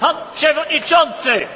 pan przewodniczący!